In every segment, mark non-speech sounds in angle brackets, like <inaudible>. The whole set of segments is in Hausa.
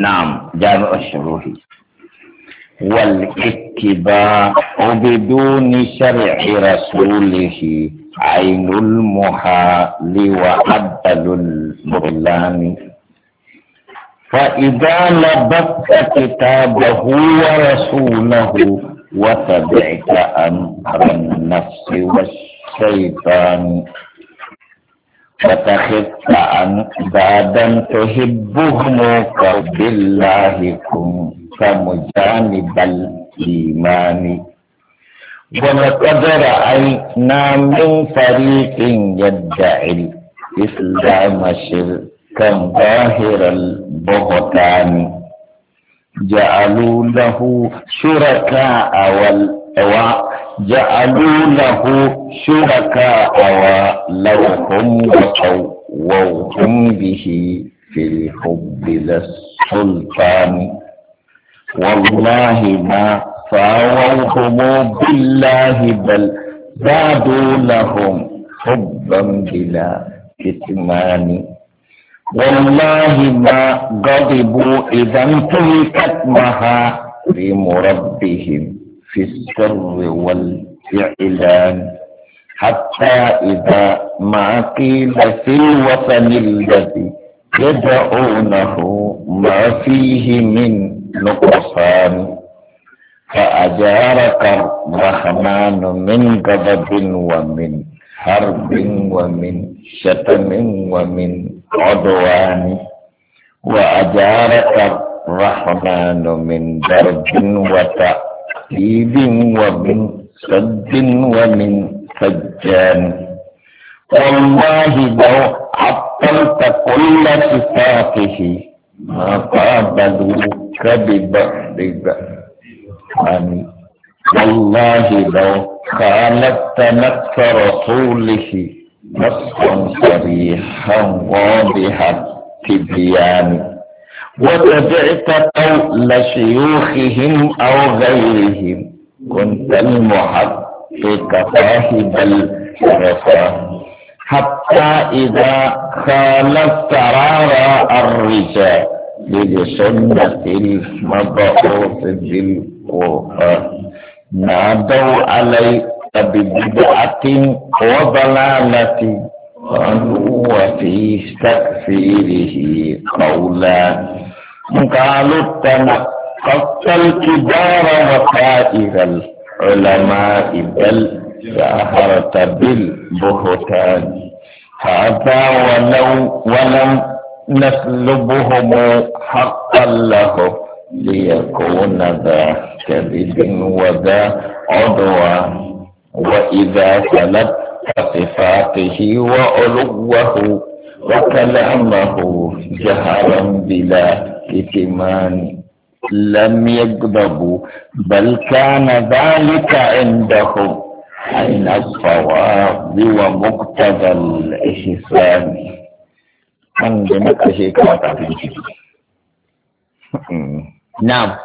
نعم جامع الشروح والاتباع بدون شرع رسوله عين المحال وعدل البطلان فإذا لبثت كتابه ورسوله وتبعت أمر النفس والشيطان فتخذت عن بعدا تحبهم كرب الله كنت مجانب الإيمان ولقد رأينا من فريق يدعي الإسلام شركا ظاهر البهتان جعلوا له شركاء والأواء جعلوا له شركاء ولهم بقوا وهم به في الحب للسلطان والله ما فاووهم بالله بل زادوا لهم حبا بلا كتمان والله ما غضبوا إذا انتهكت في ربهم في السر والإعلان حتى إذا ما قيل في الوطن الذي يدعونه ما فيه من نقصان فأجارك الرحمن من غضب ومن حرب ومن شتم ومن عدوان وأجارك الرحمن من درب وتأ حديد ومن سد ومن سجان والله لو عطلت كل صفاته ما قابلوك ببعض بعد والله لو خالفت نفس رسوله نصا صريحا واضحا تبيان وتبعت قول شيوخهم أو غيرهم كنت المحقق صاحب الْحَرَفَةِ حتى إذا خالفت رارى الرجال لسنة المبعوث بالقرآن نادوا عليك ببدعة وضلالة وهو وفي تكفيره قولا قالوا تنقصت الكبار وسائر العلماء بل جاهرت بالبهتان هذا ولو ولم نسلبهم حقا له ليكون ذا كذب وذا عدوى وإذا سلبت صفاته وعلوه وكلامه جهرا بلا الكتمان لم يغضبوا بل كان ذلك عندهم عين الصواب ومقتضى الإحسان من جنك شيء <laughs> نعم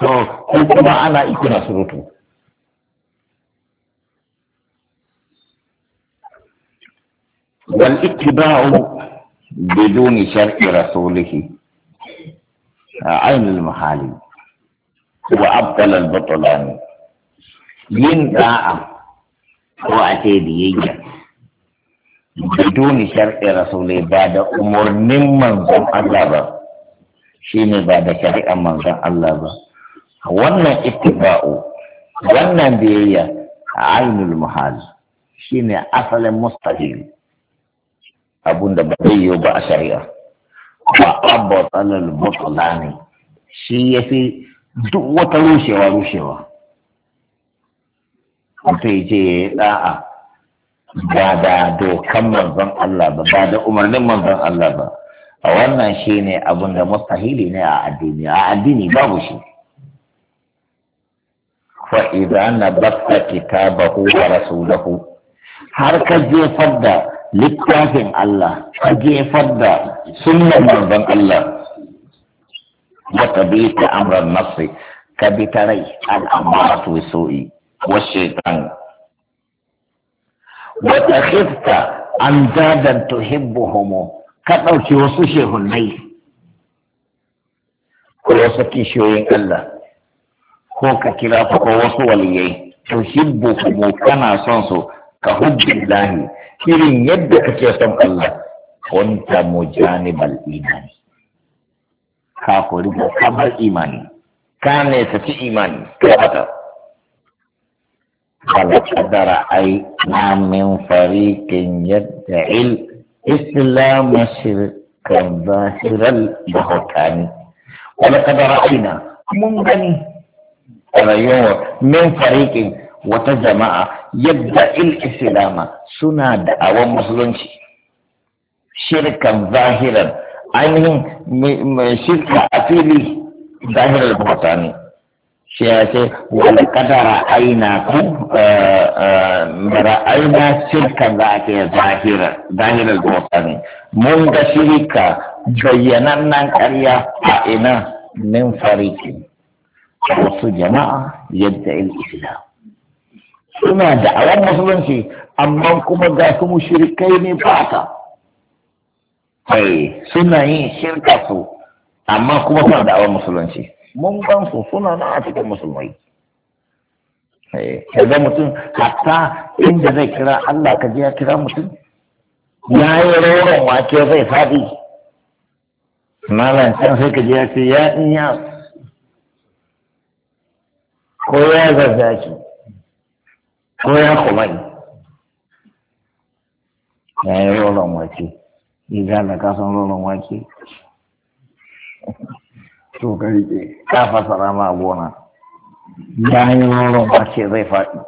to ko يكون ana والاتباع بدون شرع رسوله A عين المحال وأبطل البطلان yin da'a ko a ce biyayya biduni shar'i rasulai ba da umarnin manzon Allah ba shine ba da shari'an manzon Allah ba wannan ittiba'u wannan biyayya a ainul muhal shine asalin mustahil abunda ba zai yiwu ba a shari'a wa abbatalal ne. shi ya fi duk wata rushewa rushewa mutum ce ya da'a ba da dokan manzon Allah ba ba da umarnin manzon Allah ba a wannan shi ne abin da mustahili ne a addini a addini babu shi fa idan na bakka kitabahu wa rasulahu har ka jefar da littafin Allah ka jefar da sunnan manzon Allah wa ta amran nafsi ka bi tarai al'amaratu wasu'i wa shaitan wa takhifta an dadan tuhibbuhum ka ɗauki wasu shehunai ko wasu kishiyoyin Allah ko ka kira ko wasu waliyai tuhibbuhum kana son su ka hubbin lahi irin yadda kake son Allah kunta mujanibal imani ka kori da kamar imani ka ne tafi imani ka fata kala kadara ai na min fariqin yad'il islam shirkan zahiral hukani. Kala kadara aina mun gani rayuwar min fariqin wata jama'a yadda il islama suna da'awan musulunci shirkan zahiran ainihin shirka a fili zahirar bauta ne shi ya ce wani kadara aina ku mara eh, eh, aina shirkan za a ce zahirar bauta ne mun ga shirka bayyanannen karya a ina min fariki wasu jama'a yadda il islam suna da awon musulunci amma kuma ga su mushrikai ne ba ta kai suna yin shirka su amma kuma suna da awon musulunci mun ban su suna na a cikin musulmai kaga mutum hatta inda zai kira Allah ka je ya kira mutum ya yi roron wake zai faɗi malam can sai ka je ya ce ya in ya ko ya zazzaki ko ya kumai ya yi roron wake riga da kasan roron wake to ka rike ka fasa rama a gona ya yi ti wake zai faɗi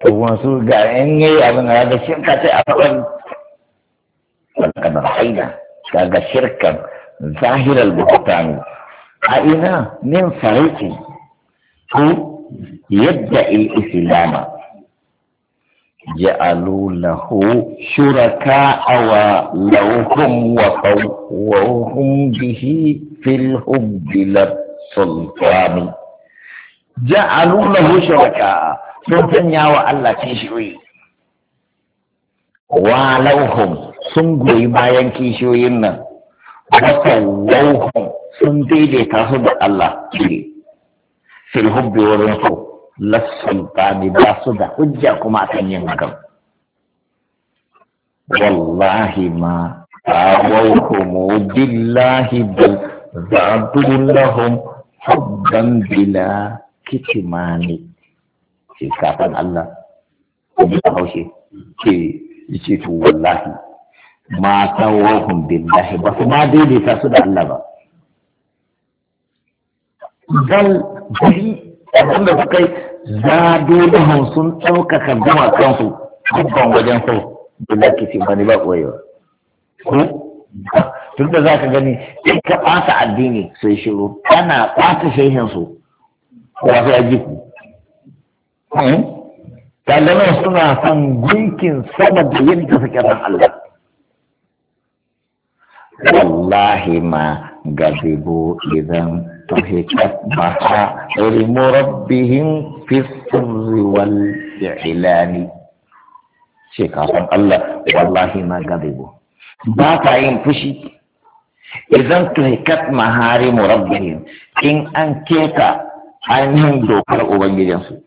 to wasu ga yan yi abin da shirka sai a faɗin kadar ka ga shirkar zahirar bukutanu a ina min fariki ko yadda islama ja'alu lahu shuraka awa lahum wa bihi fil sultani ja'alu lahu shuraka sun sanya wa Allah kishiyoyi wa sun goyi bayan kishiyoyin nan wa sun daidaita su da Allah fil hubbi wurin so lassultani ba su da hujja kuma akan yin hakan wallahi ma awauhumu billahi bal za'adu lahum hubban bila kitimani ce kafan Allah ko bi haushe ce ce to wallahi ma tawahum billahi ba su ma daidaita su da Allah ba bal bari abinda suka yi zado sun ɗaukaka gama kansu dubban wajen sau da ke ce bani ba koyewa hmm? duk da za ka gani in ka ɓata addini sai shiru ana ɓata shehinsu wasu ya jiku hmm? suna son gunkin sama da yadda suke son Allah wallahi ma gadibu idan tahika maha ilmu rabbihim fi sirri wal ilani ce kafin Allah wallahi ma gadibu ba ta yin fushi idan tahikat mahari murabbihin in an keta hanyar dokar ubangijinsu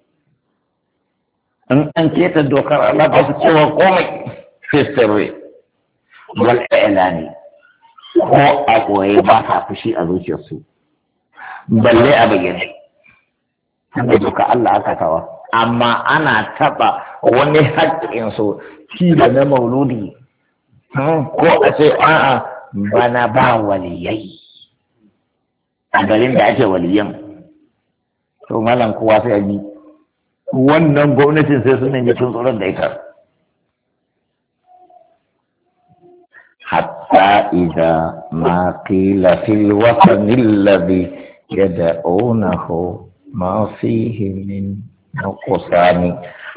in an keta dokar Allah ba su cewa komai fi sirri wal ilani ko a koyi ba ka fushi a zuciyarsu balle a bayyane da duka Allah aka kawa amma ana taba wani haƙƙinsu shi da na mauludi hmm, ko a ce a'a bana ba waliyai a garin da ake waliyan to malam kowa sai a bi wannan gwamnatin sai sun yi tun tsoron da ita حتى إذا ما قيل في الوطن الذي يدعونه ما فيه من نقصان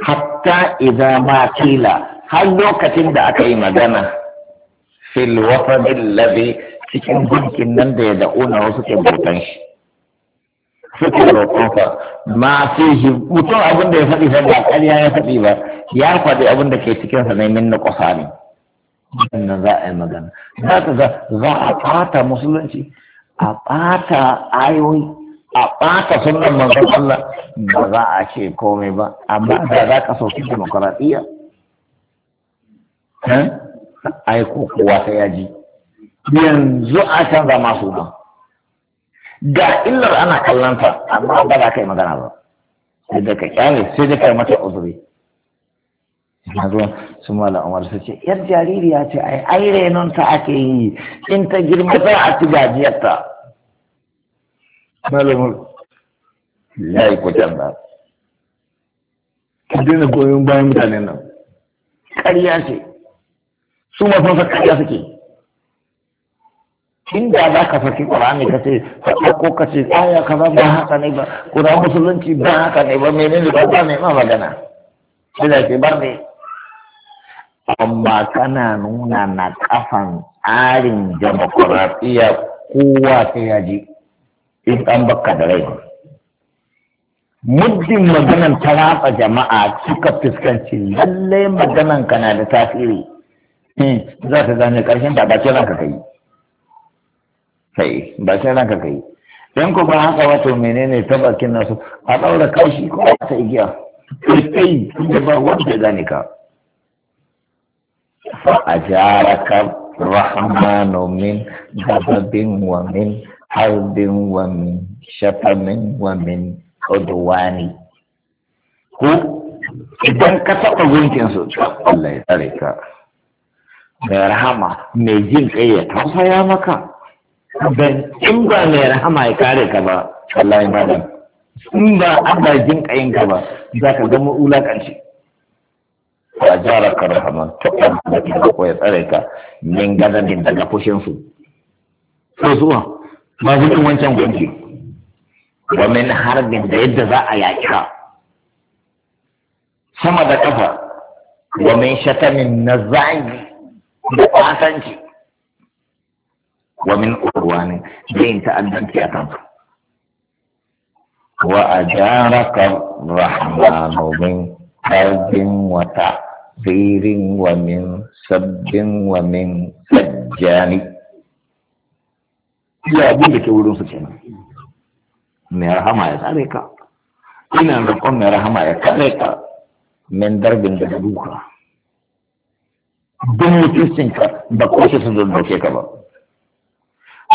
حتى إذا ما قيل هل لوكتين دا أكي مدنة في الوطن الذي cikin gunkin nan da ya da'una wasu ke bautan shi suke roƙonsa ma fi shi mutum abin da ya faɗi sai ba ƙarya ya faɗi ba ya faɗi abin da ke cikin sa ne min na ƙasa ne wannan za a yi magana za ka ga za a ɓata musulunci a ɓata ayoyi a ɓata sunan manzon Allah ba za a ce komai ba amma da za ka sauki demokuraɗiyya eh? ai ko kowa ta yaji yanzu a canza masu ba ga illar ana kallanta amma ba za ka yi magana ba sai da ka kyale sai da ka mata uzuri yanzu su mala umar su ce yar jaririya ce ai ai renon ta ake yi in ta girma za a ci gajiyarta malamin ya yi kwacan ba ka daina goyon bayan mutanen nan ƙarya ce su mafansa ƙarya suke inda za ka saki ƙur'ani ka ce faɗa ko ka ce tsaya ka ba haka ne ba ƙura musulunci ba haka ne ba menene ba ba ne ma magana sai da ce ba ne amma kana nuna na kafan tsarin demokuraɗiyya kowa ta yaji in an baka da rai muddin maganan ta ratsa jama'a suka fuskanci lallai maganan na da tasiri hmm, za ta gane karshen ta ba ce ranka yi. sai ba ce ranka yi don ku ba haka wato menene ta bakin nasu a ɗaura kashi ko ta igiya kai da ba wanda ya gane ka فأجارك الرحمن من غضب ومن حرب ومن شتم ومن عدوان Ku? idan ka taɓa gunkin su Allah ya tsare ka mai rahama mai jin kai ya tausaya maka dan in ba mai rahama ya kare ka ba wallahi ba in ba Allah jin kayin ka ba za ka ga mu'ulakanci wa jaraka rahman to da kika ko ya tsare ka min gadan daga fushin su so zuwa ma zuwa wancan gunki wa min harbin da yadda za a yaki ka sama da kafa wa min shatamin nazangi da kwatanci wa min ne zai yin ta'addanci a kansu wa ajaraka rahmanu min harbin wata min sabbin wa min سجان Ya abin da ke wurin su kenan mai rahama ya tsare ka ina roƙon mai rahama ya tsare ka min darbin da duka don mutuncin ka da ko sun sun dauke ka ba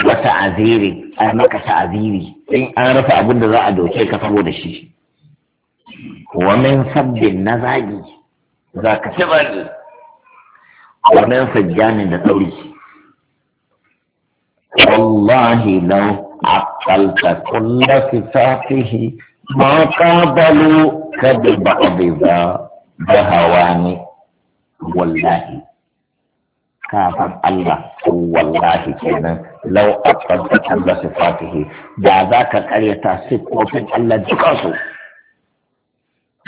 wa ta'aziri a maka ta'aziri in an rasa abin da za a dauke ka saboda shi wa min sabbin na zagi za ka ci bari wannan sajjani da tsauri wallahi lau akalta kulla fitatihi ma qabalu ka bi ba'dhi ba da ne wallahi kafin Allah wallahi kenan lau akalta kulla fitatihi da za ka karyata siffofin Allah dukansu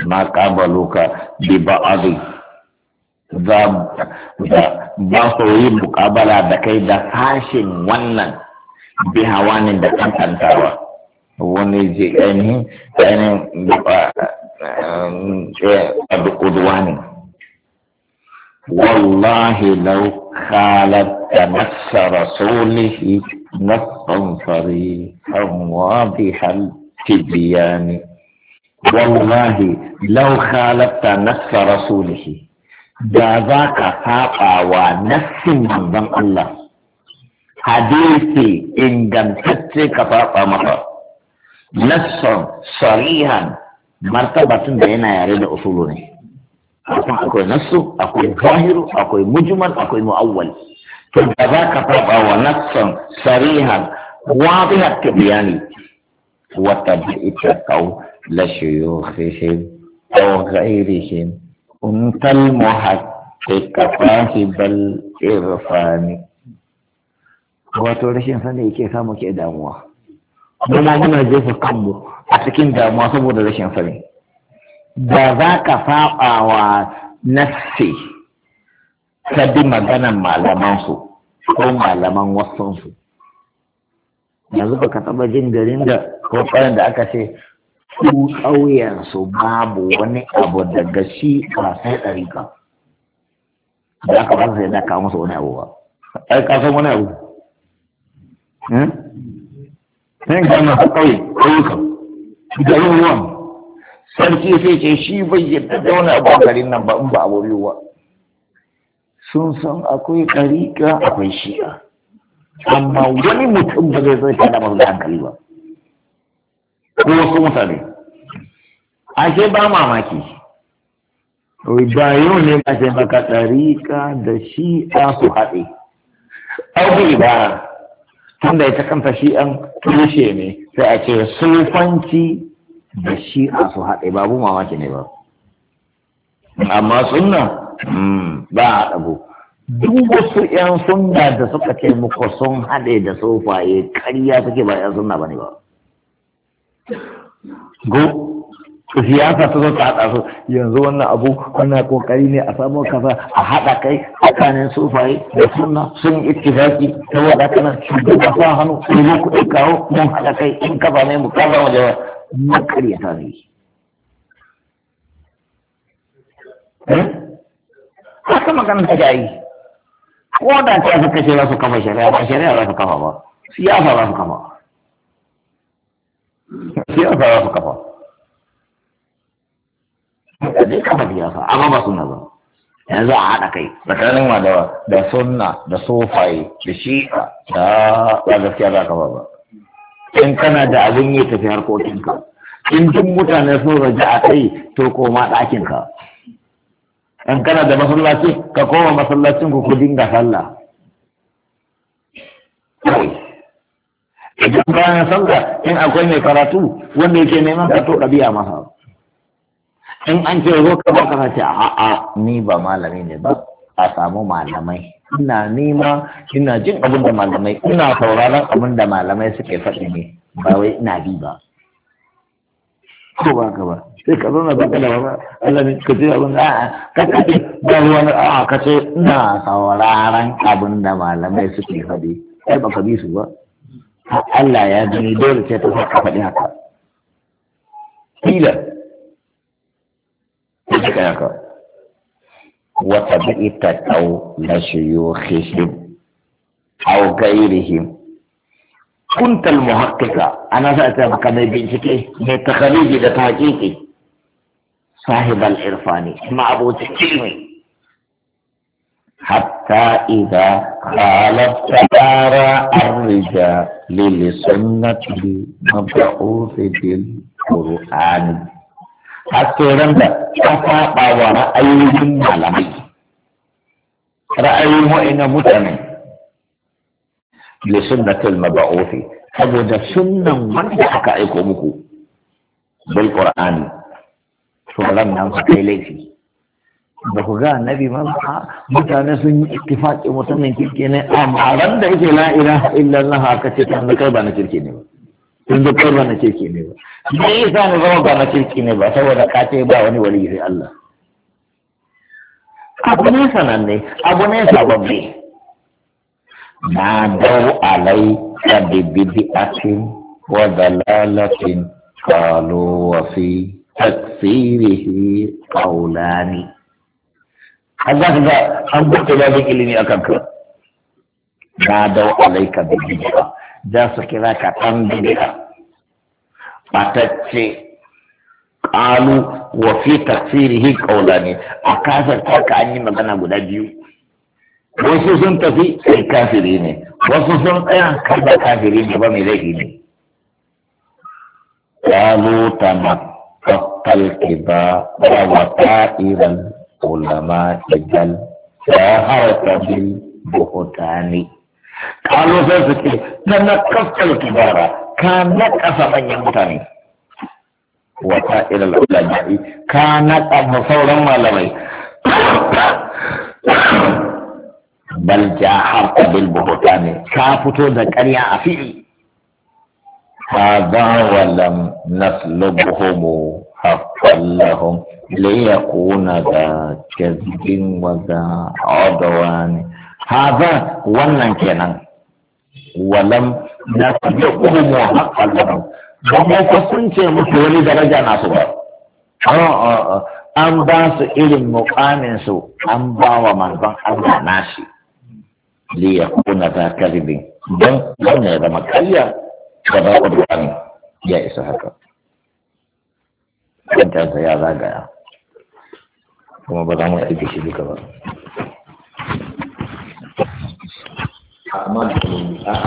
ما قابلوك ببعض da ba su yi mukabala da kai da fashin wannan bi hawanin da kankantawa wani je ainihin ainihin a dukudwa ne wallahi lau kalar da nasa rasulihi nasan fari kan wa bi hal tibiyani wallahi law khalafta nassa rasulihi da za ka saba wa nassin manzon Allah hadisi ingantacce ka saba masa nassan sarihan martabatin da yana yare da usulu ne akwai nassu akwai zahiru akwai mujmal akwai mu'awwal to da za ka saba wa nassan sarihan wadihat tibyani wa tabi'ita kawo? لشيوخهم أو غيرهم كنت المحقق صاحب الإرفان wato rashin sani yake samu ke damuwa kuma muna jefa kanmu a cikin damuwa saboda rashin sani da za ka saba wa nafsi ka bi maganan malamansu ko malaman wasansu yanzu ba ka taba jin garin da ko da aka ce su ƙauyensu babu wani abu daga shi a sai ka da aka ba sai da kawo musu wani abu ba ai ka san wani abu hmm? sai ka na ƙauye ƙauyukan garin ruwan sarki sai ce shi bai yadda da wani abu a garin nan ba in ba abu biyu ba sun san akwai ƙarika akwai shi'a amma wani mutum ba zai zai shaɗa masu da hankali ba ko wasu mutane ashe ba mamaki ba yau ne ba sai maka ɗarika da shi a su haɗe ɗauki ibara tunda ita kanta shi an tushe ne sai a ce sufanci da shi a su haɗe babu mamaki ne ba amma sunna hmm, ba a haɗa duk wasu 'yan sunna da suka ce muku sun haɗe da sofaye karya suke ba 'yan sunna ba ne ba siyasa ta zo ta haɗa su yanzu wannan abu wannan kokari ne a samu kaza a haɗa kai tsakanin sufaye da suna sun yi ittifaki ta wada kana ta sa hannu yi kuɗi kawo mun haɗa kai in kafa ne mu kaza waje ba mun karya ta ne eh? haka magana ta ga yi ko da ta fi kashe za su kafa shari'a ba shari'a za su kafa ba siyasa za su kafa siyasa za su kafa ka je ba yanzu a haɗa kai tsakanin ma da sunna da sofaye da da ba gaskiya za ka ba ba in kana da abin yi tafi harkokinka in duk mutane sun raja a kai to koma ɗakinka in kana da masallaci ka koma masallacin ku ku dinga sallah idan bayan sallah in akwai mai karatu wanda yake neman ka to ɗabi'a masa in an ce zo ka baka ka ce a'a ni ba malami ne ba a samu malamai ina nema ina jin abin da malamai ina sauraron abin da malamai suke faɗi ne ba wai ina bi ba ko ba ka ba sai ka zauna ba kana ba Allah ne ka ce abin da ka ce ba wani a ka ce ina sauraron abin da malamai suke faɗi kai ba ka bi su ba Allah ya gani dole ce ta saka faɗi haka kila da kai haka wa tabi'i taqaw la shuyukhihim aw ghayrihim kunta al-muhaqqiqa ana za ta maka mai bincike mai takhaliji da tahqiqi sahib al-irfani ma abu ilmi حتى إذا خالفت آراء الرجال لسنة المبعوث بالقرآن har da ta faɗa wa ra'ayoyin malamai ra'ayoyin wa'ina mutane da sunnatul mab'uthi saboda sunnan wanda aka aiko muku bil qur'ani to ran nan su kai laifi ba ku ga annabi ma mutane sun yi ittifaqi mutanen kirki ne amma ran da yake la ilaha illallah aka ce ta kai ba na kirki ne ba in ji kai ba na kirki ne ba me yasa na zama ba na kirki ne ba saboda ka ce ba wani wali sai Allah abu ne sananne abu ne sababbi na dau alai ka bibbi'atin wa dalalatin qalu wa fi taksirihi qawlani Allah ga an gudu da ilimi akan ka na dau alaika bibbi'a za su kira ka ɗan bid'a matacce ƙalu wa fi tafsirihi ne a kasar ka an yi magana guda biyu wasu sun tafi sai kafiri ne wasu sun tsaya kan ba kafiri ne ba mai laifi ne ƙalu ta matattal ba wa wata iran ulama idan ta harta bil buhutani قالوا سيسكي تنقصت الكبار كان نقص من يمتني وسائل العلماء كان نقص صورا ما لمي بل جاء حرق بالبهتان كافتو ذكريا أفيعي هذا ولم نسلبهم حقا لهم ليكون ذا كذب وذا عدوان haza wannan kenan walam na fiye umu haƙƙa laram don ko sun ce musu wani daraja nasu ba an ba su irin muƙamin su an ba wa manzon Allah nashi li yakuna ta kalibin don wannan ya zama karya da ba ƙudurani ya isa haka kwantarsa ya zagaya kuma ba za mu aiki shi duka ba it.